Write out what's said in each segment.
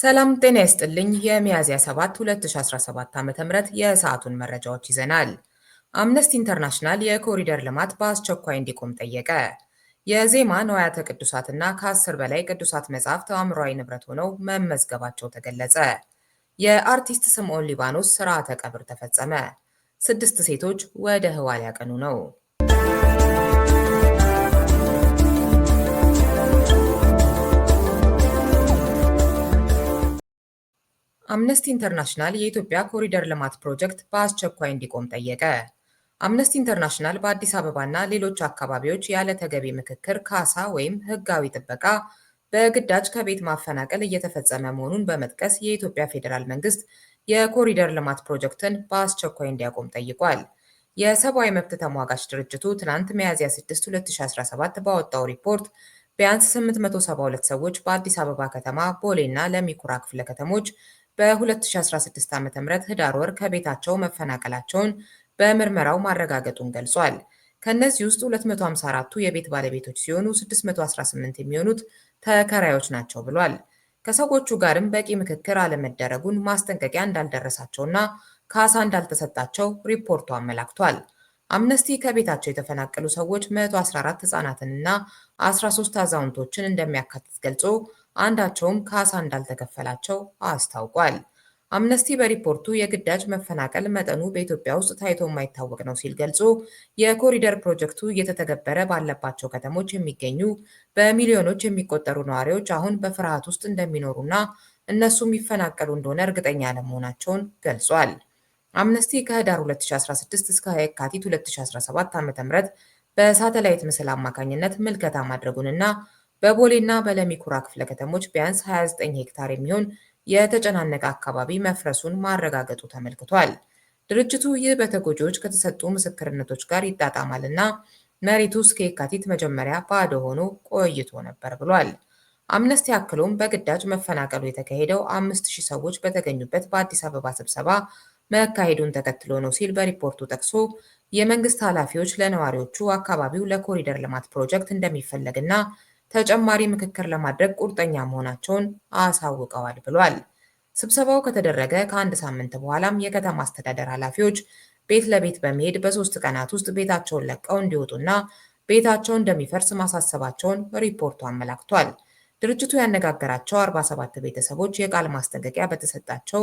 ሰላም ጤና ይስጥልኝ። የሚያዝያ 7 2017 ዓ.ም የሰዓቱን መረጃዎች ይዘናል። አምነስቲ ኢንተርናሽናል የኮሪደር ልማት በአስቸኳይ እንዲቆም ጠየቀ። የዜማ ንዋያተ ቅዱሳትና ከ10 በላይ ቅዱሳት መጻሕፍት አእምሯዊ ንብረት ሆነው መመዝገባቸው ተገለጸ። የአርቲስት ስምዖን ሊባኖስ ስርዓተ ቀብር ተፈጸመ። ስድስት ሴቶች ወደ ህዋል ያቀኑ ነው። አምነስቲ ኢንተርናሽናል የኢትዮጵያ ኮሪደር ልማት ፕሮጀክት በአስቸኳይ እንዲቆም ጠየቀ። አምነስቲ ኢንተርናሽናል በአዲስ አበባና ሌሎች አካባቢዎች ያለ ተገቢ ምክክር ካሳ ወይም ሕጋዊ ጥበቃ በግዳጅ ከቤት ማፈናቀል እየተፈጸመ መሆኑን በመጥቀስ የኢትዮጵያ ፌዴራል መንግስት የኮሪደር ልማት ፕሮጀክትን በአስቸኳይ እንዲያቆም ጠይቋል። የሰብአዊ መብት ተሟጋች ድርጅቱ ትናንት ሚያዝያ 6 2017 ባወጣው ሪፖርት ቢያንስ 872 ሰዎች በአዲስ አበባ ከተማ ቦሌና ለሚኩራ ክፍለ ከተሞች በ2016 ዓ ም ህዳር ወር ከቤታቸው መፈናቀላቸውን በምርመራው ማረጋገጡን ገልጿል። ከእነዚህ ውስጥ 254ቱ የቤት ባለቤቶች ሲሆኑ 618 የሚሆኑት ተከራዮች ናቸው ብሏል። ከሰዎቹ ጋርም በቂ ምክክር አለመደረጉን፣ ማስጠንቀቂያ እንዳልደረሳቸውና ካሳ እንዳልተሰጣቸው ሪፖርቱ አመላክቷል። አምነስቲ ከቤታቸው የተፈናቀሉ ሰዎች 114 ህጻናትንና 13 አዛውንቶችን እንደሚያካትት ገልጾ አንዳቸውም ካሳ እንዳልተከፈላቸው አስታውቋል። አምነስቲ በሪፖርቱ የግዳጅ መፈናቀል መጠኑ በኢትዮጵያ ውስጥ ታይቶ የማይታወቅ ነው ሲል ገልጾ የኮሪደር ፕሮጀክቱ እየተተገበረ ባለባቸው ከተሞች የሚገኙ በሚሊዮኖች የሚቆጠሩ ነዋሪዎች አሁን በፍርሃት ውስጥ እንደሚኖሩና እነሱም ይፈናቀሉ እንደሆነ እርግጠኛ ለመሆናቸውን ገልጿል። አምነስቲ ከህዳር 2016 እስከ የካቲት 2017 ዓ.ም በሳተላይት ምስል አማካኝነት ምልከታ ማድረጉንና በቦሌና በለሚኩራ ክፍለ ከተሞች ቢያንስ 29 ሄክታር የሚሆን የተጨናነቀ አካባቢ መፍረሱን ማረጋገጡ ተመልክቷል። ድርጅቱ ይህ በተጎጂዎች ከተሰጡ ምስክርነቶች ጋር ይጣጣማልና መሬቱ እስከ የካቲት መጀመሪያ ባዶ ሆኖ ቆይቶ ነበር ብሏል። አምነስቲ አክሎም በግዳጅ መፈናቀሉ የተካሄደው አምስት ሺህ ሰዎች በተገኙበት በአዲስ አበባ ስብሰባ መካሄዱን ተከትሎ ነው ሲል በሪፖርቱ ጠቅሶ የመንግስት ኃላፊዎች ለነዋሪዎቹ አካባቢው ለኮሪደር ልማት ፕሮጀክት እንደሚፈለግና ተጨማሪ ምክክር ለማድረግ ቁርጠኛ መሆናቸውን አሳውቀዋል ብሏል። ስብሰባው ከተደረገ ከአንድ ሳምንት በኋላም የከተማ አስተዳደር ኃላፊዎች ቤት ለቤት በመሄድ በሶስት ቀናት ውስጥ ቤታቸውን ለቀው እንዲወጡና ቤታቸው እንደሚፈርስ ማሳሰባቸውን ሪፖርቱ አመላክቷል። ድርጅቱ ያነጋገራቸው 47 ቤተሰቦች የቃል ማስጠንቀቂያ በተሰጣቸው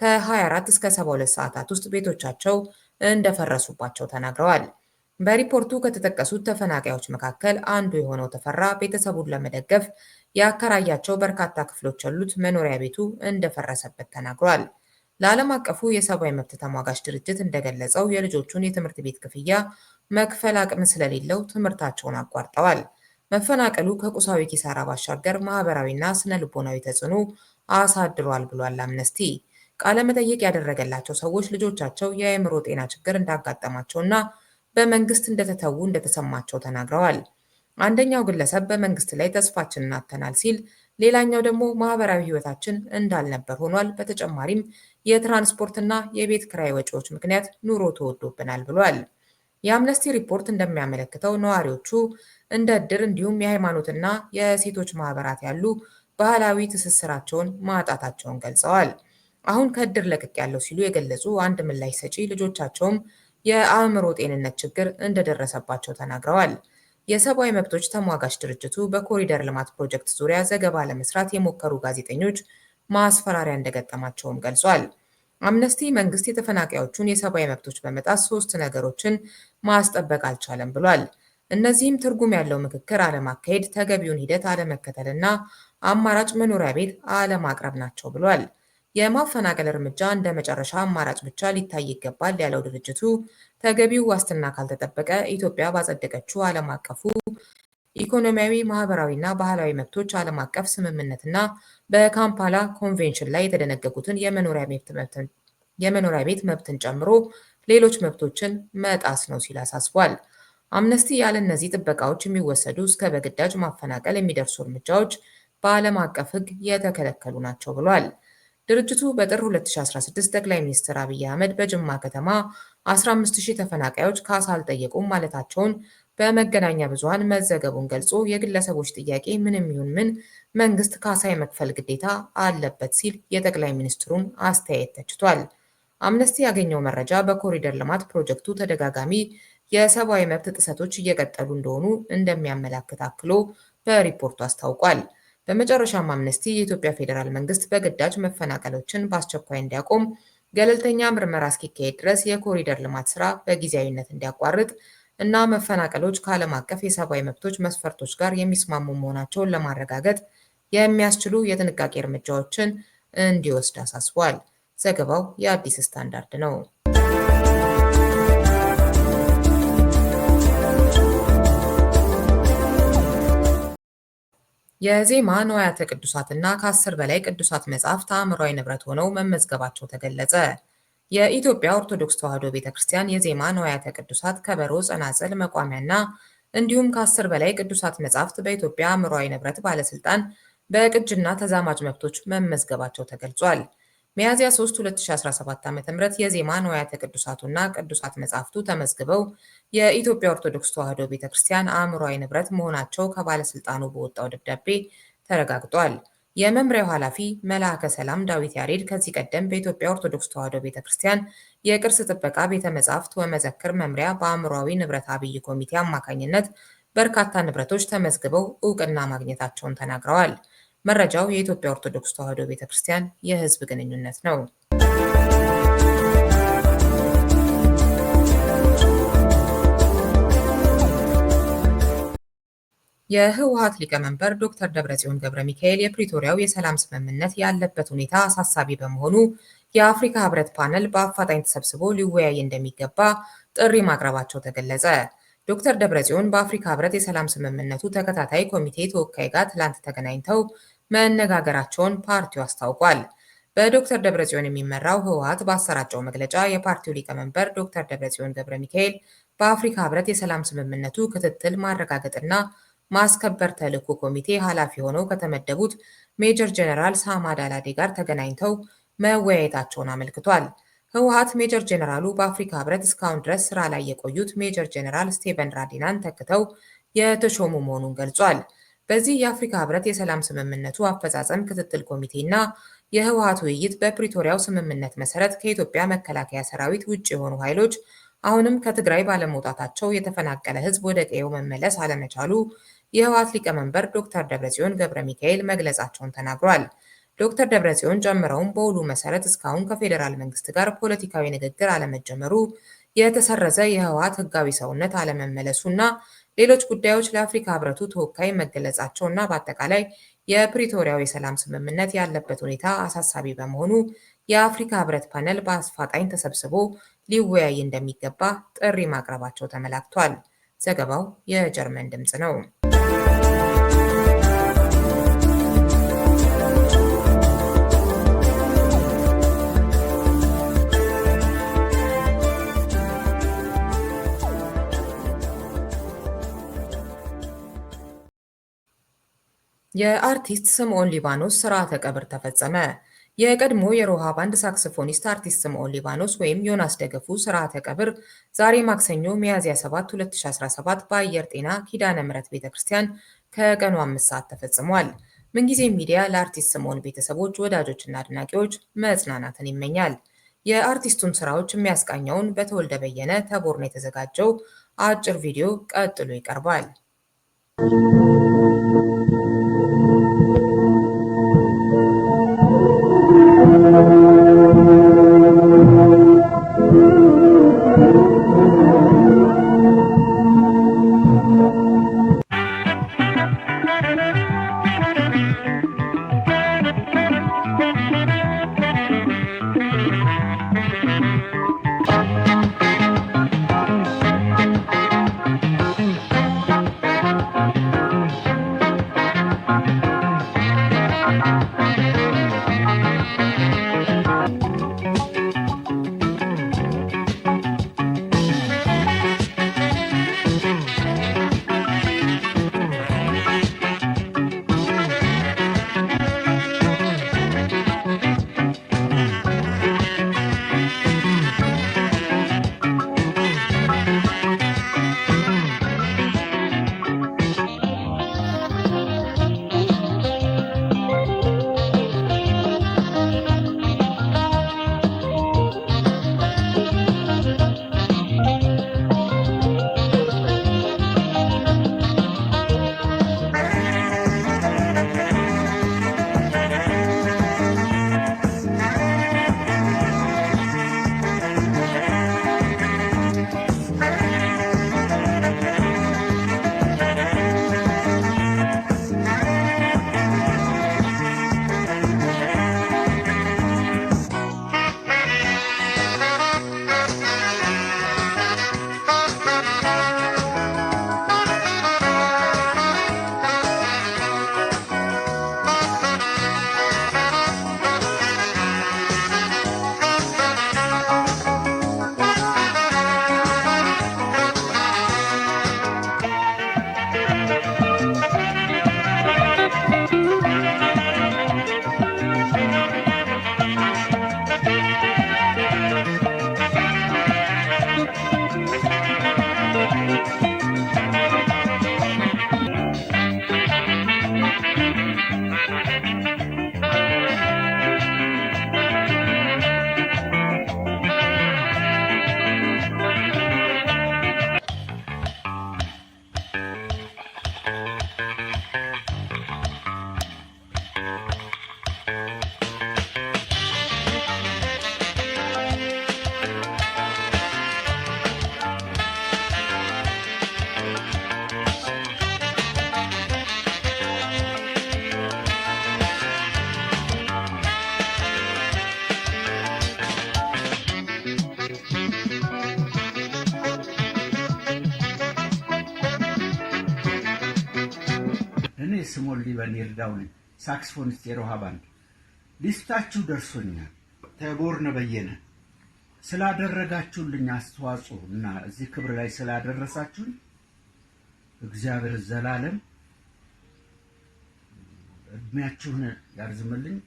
ከ24 እስከ 72 ሰዓታት ውስጥ ቤቶቻቸው እንደፈረሱባቸው ተናግረዋል። በሪፖርቱ ከተጠቀሱት ተፈናቃዮች መካከል አንዱ የሆነው ተፈራ ቤተሰቡን ለመደገፍ ያከራያቸው በርካታ ክፍሎች ያሉት መኖሪያ ቤቱ እንደፈረሰበት ተናግሯል። ለዓለም አቀፉ የሰብአዊ መብት ተሟጋች ድርጅት እንደገለጸው የልጆቹን የትምህርት ቤት ክፍያ መክፈል አቅም ስለሌለው ትምህርታቸውን አቋርጠዋል። መፈናቀሉ ከቁሳዊ ኪሳራ ባሻገር ማህበራዊና ስነ ልቦናዊ ተጽዕኖ አሳድሯል ብሏል አምነስቲ። ቃለ መጠይቅ ያደረገላቸው ሰዎች ልጆቻቸው የአእምሮ ጤና ችግር እንዳጋጠማቸውና በመንግስት እንደተተዉ እንደተሰማቸው ተናግረዋል። አንደኛው ግለሰብ በመንግስት ላይ ተስፋችን እናተናል ሲል፣ ሌላኛው ደግሞ ማህበራዊ ህይወታችን እንዳልነበር ሆኗል፣ በተጨማሪም የትራንስፖርትና የቤት ክራይ ወጪዎች ምክንያት ኑሮ ተወዶብናል ብሏል። የአምነስቲ ሪፖርት እንደሚያመለክተው ነዋሪዎቹ እንደ እድር እንዲሁም የሃይማኖትና የሴቶች ማህበራት ያሉ ባህላዊ ትስስራቸውን ማጣታቸውን ገልጸዋል። አሁን ከእድር ያለው ሲሉ የገለጹ አንድ ምላሽ ሰጪ ልጆቻቸውም የአእምሮ ጤንነት ችግር እንደደረሰባቸው ተናግረዋል። የሰብአዊ መብቶች ተሟጋች ድርጅቱ በኮሪደር ልማት ፕሮጀክት ዙሪያ ዘገባ ለመስራት የሞከሩ ጋዜጠኞች ማስፈራሪያ እንደገጠማቸውም ገልጿል። አምነስቲ መንግስት የተፈናቃዮቹን የሰብአዊ መብቶች በመጣስ ሶስት ነገሮችን ማስጠበቅ አልቻለም ብሏል። እነዚህም ትርጉም ያለው ምክክር አለማካሄድ፣ ተገቢውን ሂደት እና አማራጭ መኖሪያ ቤት አለማቅረብ ናቸው ብሏል። የማፈናቀል እርምጃ እንደ መጨረሻ አማራጭ ብቻ ሊታይ ይገባል ያለው ድርጅቱ፣ ተገቢው ዋስትና ካልተጠበቀ ኢትዮጵያ ባጸደቀችው ዓለም አቀፉ ኢኮኖሚያዊ፣ ማህበራዊና ባህላዊ መብቶች ዓለም አቀፍ ስምምነትና በካምፓላ ኮንቬንሽን ላይ የተደነገጉትን የመኖሪያ ቤት መብትን ጨምሮ ሌሎች መብቶችን መጣስ ነው ሲል አሳስቧል። አምነስቲ ያለ እነዚህ ጥበቃዎች የሚወሰዱ እስከ በግዳጅ ማፈናቀል የሚደርሱ እርምጃዎች በዓለም አቀፍ ሕግ የተከለከሉ ናቸው ብሏል። ድርጅቱ በጥር 2016 ጠቅላይ ሚኒስትር አብይ አህመድ በጅማ ከተማ 15000 ተፈናቃዮች ካሳ አልጠየቁም ማለታቸውን በመገናኛ ብዙሃን መዘገቡን ገልጾ የግለሰቦች ጥያቄ ምንም ይሁን ምን መንግስት ካሳ የመክፈል ግዴታ አለበት ሲል የጠቅላይ ሚኒስትሩን አስተያየት ተችቷል። አምነስቲ ያገኘው መረጃ በኮሪደር ልማት ፕሮጀክቱ ተደጋጋሚ የሰብአዊ መብት ጥሰቶች እየቀጠሉ እንደሆኑ እንደሚያመላክት አክሎ በሪፖርቱ አስታውቋል። በመጨረሻም አምነስቲ የኢትዮጵያ ፌዴራል መንግስት በግዳጅ መፈናቀሎችን በአስቸኳይ እንዲያቆም፣ ገለልተኛ ምርመራ እስኪካሄድ ድረስ የኮሪደር ልማት ስራ በጊዜያዊነት እንዲያቋርጥ እና መፈናቀሎች ከዓለም አቀፍ የሰብአዊ መብቶች መስፈርቶች ጋር የሚስማሙ መሆናቸውን ለማረጋገጥ የሚያስችሉ የጥንቃቄ እርምጃዎችን እንዲወስድ አሳስቧል። ዘገባው የአዲስ ስታንዳርድ ነው። የዜማ ንዋያተ ቅዱሳትና ከአስር በላይ ቅዱሳት መጻሕፍት አእምሯዊ ንብረት ሆነው መመዝገባቸው ተገለጸ። የኢትዮጵያ ኦርቶዶክስ ተዋሕዶ ቤተ ክርስቲያን የዜማ ንዋያተ ቅዱሳት ከበሮ፣ ጸናጽል፣ መቋሚያና እንዲሁም ከአስር በላይ ቅዱሳት መጻሕፍት በኢትዮጵያ አእምሯዊ ንብረት ባለስልጣን በቅጅና ተዛማጅ መብቶች መመዝገባቸው ተገልጿል። ሚያዝያ 3 2017 ዓ.ም የዜማ ንዋያተ ቅዱሳቱና ቅዱሳት መጻሕፍቱ ተመዝግበው የኢትዮጵያ ኦርቶዶክስ ተዋሕዶ ቤተ ክርስቲያን አእምሯዊ ንብረት መሆናቸው ከባለስልጣኑ በወጣው ደብዳቤ ተረጋግጧል። የመምሪያው ኃላፊ መልአከ ሰላም ዳዊት ያሬድ ከዚህ ቀደም በኢትዮጵያ ኦርቶዶክስ ተዋሕዶ ቤተ ክርስቲያን የቅርስ ጥበቃ ቤተ መጻሕፍት ወመዘክር መምሪያ በአእምሯዊ ንብረት አብይ ኮሚቴ አማካኝነት በርካታ ንብረቶች ተመዝግበው እውቅና ማግኘታቸውን ተናግረዋል። መረጃው የኢትዮጵያ ኦርቶዶክስ ተዋሕዶ ቤተ ክርስቲያን የሕዝብ ግንኙነት ነው። የህወሀት ሊቀመንበር ዶክተር ደብረጽዮን ገብረ ሚካኤል የፕሪቶሪያው የሰላም ስምምነት ያለበት ሁኔታ አሳሳቢ በመሆኑ የአፍሪካ ህብረት ፓነል በአፋጣኝ ተሰብስቦ ሊወያይ እንደሚገባ ጥሪ ማቅረባቸው ተገለጸ። ዶክተር ደብረጽዮን በአፍሪካ ህብረት የሰላም ስምምነቱ ተከታታይ ኮሚቴ ተወካይ ጋር ትላንት ተገናኝተው መነጋገራቸውን ፓርቲው አስታውቋል። በዶክተር ደብረጽዮን የሚመራው ህወሓት ባሰራጨው መግለጫ የፓርቲው ሊቀመንበር ዶክተር ደብረጽዮን ገብረ ሚካኤል በአፍሪካ ህብረት የሰላም ስምምነቱ ክትትል ማረጋገጥና ማስከበር ተልዕኮ ኮሚቴ ኃላፊ ሆነው ከተመደቡት ሜጀር ጀነራል ሳማ ዳላዴ ጋር ተገናኝተው መወያየታቸውን አመልክቷል። ህወሓት ሜጀር ጀነራሉ በአፍሪካ ህብረት እስካሁን ድረስ ስራ ላይ የቆዩት ሜጀር ጀነራል ስቴቨን ራዲናን ተክተው የተሾሙ መሆኑን ገልጿል። በዚህ የአፍሪካ ህብረት የሰላም ስምምነቱ አፈጻጸም ክትትል ኮሚቴ እና የህወሓት ውይይት በፕሪቶሪያው ስምምነት መሰረት ከኢትዮጵያ መከላከያ ሰራዊት ውጭ የሆኑ ኃይሎች አሁንም ከትግራይ ባለመውጣታቸው የተፈናቀለ ህዝብ ወደ ቀየው መመለስ አለመቻሉ የህወሀት ሊቀመንበር ዶክተር ደብረጽዮን ገብረ ሚካኤል መግለጻቸውን ተናግሯል። ዶክተር ደብረጽዮን ጨምረውም በውሉ መሰረት እስካሁን ከፌዴራል መንግስት ጋር ፖለቲካዊ ንግግር አለመጀመሩ የተሰረዘ የህወሀት ህጋዊ ሰውነት አለመመለሱና ሌሎች ጉዳዮች ለአፍሪካ ህብረቱ ተወካይ መገለጻቸው እና በአጠቃላይ የፕሪቶሪያው የሰላም ስምምነት ያለበት ሁኔታ አሳሳቢ በመሆኑ የአፍሪካ ህብረት ፓነል በአፋጣኝ ተሰብስቦ ሊወያይ እንደሚገባ ጥሪ ማቅረባቸው ተመላክቷል። ዘገባው የጀርመን ድምፅ ነው። የአርቲስት ስምዖን ሊባኖስ ስርዓተ ቀብር ተፈጸመ። የቀድሞ የሮሃ ባንድ ሳክስፎኒስት አርቲስት ስምዖን ሊባኖስ ወይም ዮናስ ደገፉ ስርዓተ ቀብር ዛሬ ማክሰኞ ሚያዝያ 7 2017 በአየር ጤና ኪዳነ ምሕረት ቤተ ክርስቲያን ከቀኑ 5 ሰዓት ተፈጽሟል። ምንጊዜ ሚዲያ ለአርቲስት ስምዖን ቤተሰቦች፣ ወዳጆችና አድናቂዎች መጽናናትን ይመኛል። የአርቲስቱን ስራዎች የሚያስቃኘውን በተወልደ በየነ ተቦርነ የተዘጋጀው አጭር ቪዲዮ ቀጥሎ ይቀርባል። Thank you. ስሞል ሊበን ይርዳውን ሳክስፎኒስት የሮሃ ባንድ ሊስታችሁ ደርሶኛል። ተቦርነ በየነ ስላደረጋችሁልኝ አስተዋጽኦ እና እዚህ ክብር ላይ ስላደረሳችሁን እግዚአብሔር ዘላለም እድሜያችሁን ያርዝምልኝ።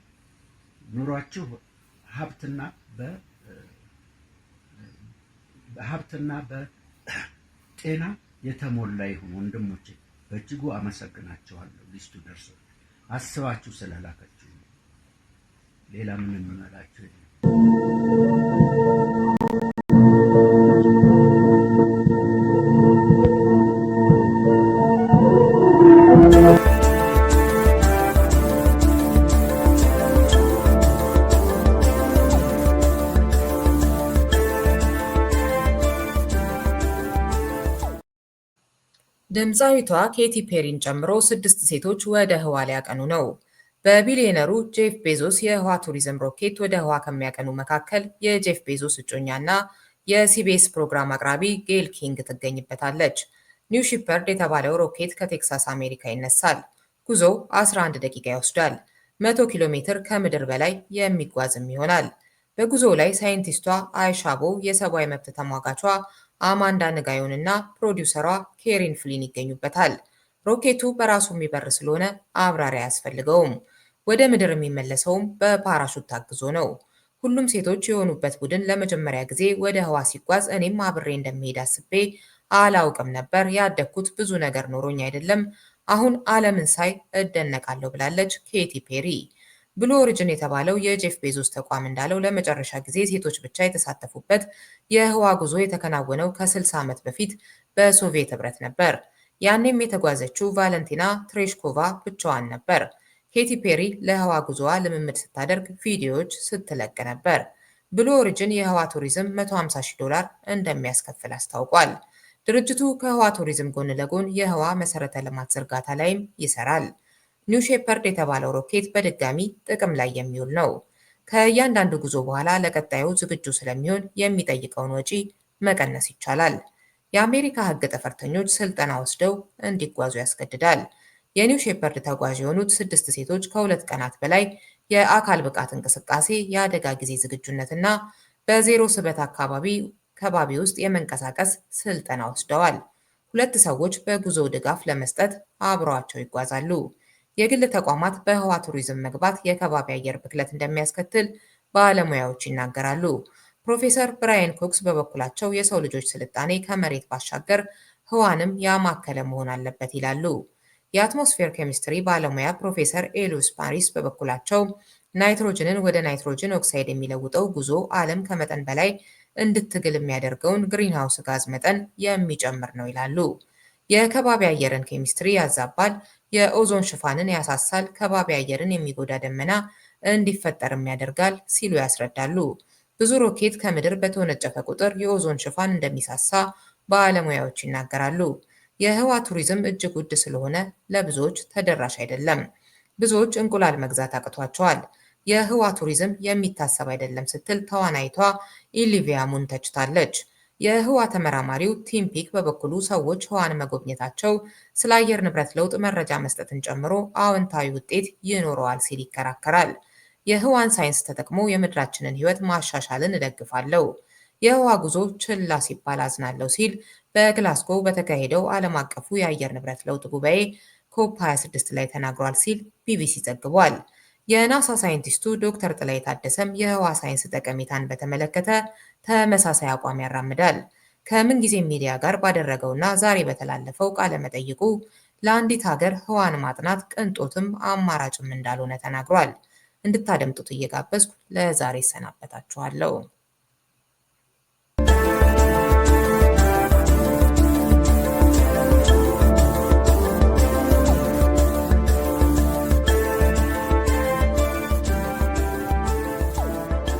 ኑሯችሁ ሀብትና በ ሀብትና በጤና የተሞላ ይሁን ወንድሞቼ። በእጅጉ አመሰግናቸዋለሁ። ሊስቱ ደርሶ አስባችሁ ስለላከችሁ ሌላ ምንም እምላችሁ የለም። ድምፃዊቷ ኬቲ ፔሪን ጨምሮ ስድስት ሴቶች ወደ ህዋ ሊያቀኑ ነው። በቢሊዮነሩ ጄፍ ቤዞስ የህዋ ቱሪዝም ሮኬት ወደ ህዋ ከሚያቀኑ መካከል የጄፍ ቤዞስ እጮኛ የሲቢኤስ ፕሮግራም አቅራቢ ጌል ኪንግ ትገኝበታለች። ኒው ሺፐርድ የተባለው ሮኬት ከቴክሳስ አሜሪካ ይነሳል። ጉዞው 11 ደቂቃ ይወስዳል። 100 ኪሎ ሜትር ከምድር በላይ የሚጓዝም ይሆናል። በጉዞው ላይ ሳይንቲስቷ አይሻቦ፣ የሰብአዊ መብት ተሟጋቿ አማንዳ ንጋዮን እና ፕሮዲውሰሯ ኬሪን ፍሊን ይገኙበታል። ሮኬቱ በራሱ የሚበር ስለሆነ አብራሪ አያስፈልገውም። ወደ ምድር የሚመለሰውም በፓራሹት ታግዞ ነው። ሁሉም ሴቶች የሆኑበት ቡድን ለመጀመሪያ ጊዜ ወደ ህዋ ሲጓዝ እኔም አብሬ እንደሚሄድ አስቤ አላውቅም ነበር። ያደግኩት ብዙ ነገር ኖሮኝ አይደለም። አሁን ዓለምን ሳይ እደነቃለሁ ብላለች ኬቲ ፔሪ። ብሉ ኦሪጅን የተባለው የጄፍ ቤዞስ ተቋም እንዳለው ለመጨረሻ ጊዜ ሴቶች ብቻ የተሳተፉበት የህዋ ጉዞ የተከናወነው ከ60 ዓመት በፊት በሶቪየት ህብረት ነበር። ያኔም የተጓዘችው ቫለንቲና ትሬሽኮቫ ብቻዋን ነበር። ኬቲ ፔሪ ለህዋ ጉዞዋ ልምምድ ስታደርግ ቪዲዮዎች ስትለቅ ነበር። ብሉ ኦሪጅን የህዋ ቱሪዝም 150 ሺህ ዶላር እንደሚያስከፍል አስታውቋል። ድርጅቱ ከህዋ ቱሪዝም ጎን ለጎን የህዋ መሰረተ ልማት ዝርጋታ ላይም ይሰራል። ኒው ሼፐርድ የተባለው ሮኬት በድጋሚ ጥቅም ላይ የሚውል ነው። ከእያንዳንዱ ጉዞ በኋላ ለቀጣዩ ዝግጁ ስለሚሆን የሚጠይቀውን ወጪ መቀነስ ይቻላል። የአሜሪካ ሕግ ጠፈርተኞች ስልጠና ወስደው እንዲጓዙ ያስገድዳል። የኒው ሼፐርድ ተጓዥ የሆኑት ስድስት ሴቶች ከሁለት ቀናት በላይ የአካል ብቃት እንቅስቃሴ፣ የአደጋ ጊዜ ዝግጁነትና በዜሮ ስበት አካባቢ ከባቢ ውስጥ የመንቀሳቀስ ስልጠና ወስደዋል። ሁለት ሰዎች በጉዞ ድጋፍ ለመስጠት አብረዋቸው ይጓዛሉ። የግል ተቋማት በህዋ ቱሪዝም መግባት የከባቢ አየር ብክለት እንደሚያስከትል ባለሙያዎች ይናገራሉ። ፕሮፌሰር ብራያን ኮክስ በበኩላቸው የሰው ልጆች ስልጣኔ ከመሬት ባሻገር ህዋንም ያማከለ መሆን አለበት ይላሉ። የአትሞስፌር ኬሚስትሪ ባለሙያ ፕሮፌሰር ኤሉስ ፓሪስ በበኩላቸው ናይትሮጅንን ወደ ናይትሮጅን ኦክሳይድ የሚለውጠው ጉዞ ዓለም ከመጠን በላይ እንድትግል የሚያደርገውን ግሪንሃውስ ጋዝ መጠን የሚጨምር ነው ይላሉ። የከባቢ አየርን ኬሚስትሪ ያዛባል፣ የኦዞን ሽፋንን ያሳሳል፣ ከባቢ አየርን የሚጎዳ ደመና እንዲፈጠርም ያደርጋል ሲሉ ያስረዳሉ። ብዙ ሮኬት ከምድር በተወነጨፈ ቁጥር የኦዞን ሽፋን እንደሚሳሳ ባለሙያዎች ይናገራሉ። የህዋ ቱሪዝም እጅግ ውድ ስለሆነ ለብዙዎች ተደራሽ አይደለም። ብዙዎች እንቁላል መግዛት አቅቷቸዋል። የህዋ ቱሪዝም የሚታሰብ አይደለም ስትል ተዋናይቷ ኢሊቪያ ሙን ተችታለች። የህዋ ተመራማሪው ቲም ፒክ በበኩሉ ሰዎች ህዋን መጎብኘታቸው ስለ አየር ንብረት ለውጥ መረጃ መስጠትን ጨምሮ አዎንታዊ ውጤት ይኖረዋል ሲል ይከራከራል። የህዋን ሳይንስ ተጠቅሞ የምድራችንን ህይወት ማሻሻልን እደግፋለሁ፣ የህዋ ጉዞ ችላ ሲባል አዝናለሁ ሲል በግላስጎ በተካሄደው ዓለም አቀፉ የአየር ንብረት ለውጥ ጉባኤ ኮፕ 26 ላይ ተናግሯል ሲል ቢቢሲ ዘግቧል። የናሳ ሳይንቲስቱ ዶክተር ጥላይ ታደሰም የህዋ ሳይንስ ጠቀሜታን በተመለከተ ተመሳሳይ አቋም ያራምዳል። ከምንጊዜ ሚዲያ ጋር ባደረገውና ዛሬ በተላለፈው ቃለ መጠይቁ ለአንዲት ሀገር ህዋን ማጥናት ቅንጦትም አማራጭም እንዳልሆነ ተናግሯል። እንድታደምጡት እየጋበዝኩ ለዛሬ እሰናበታችኋለሁ።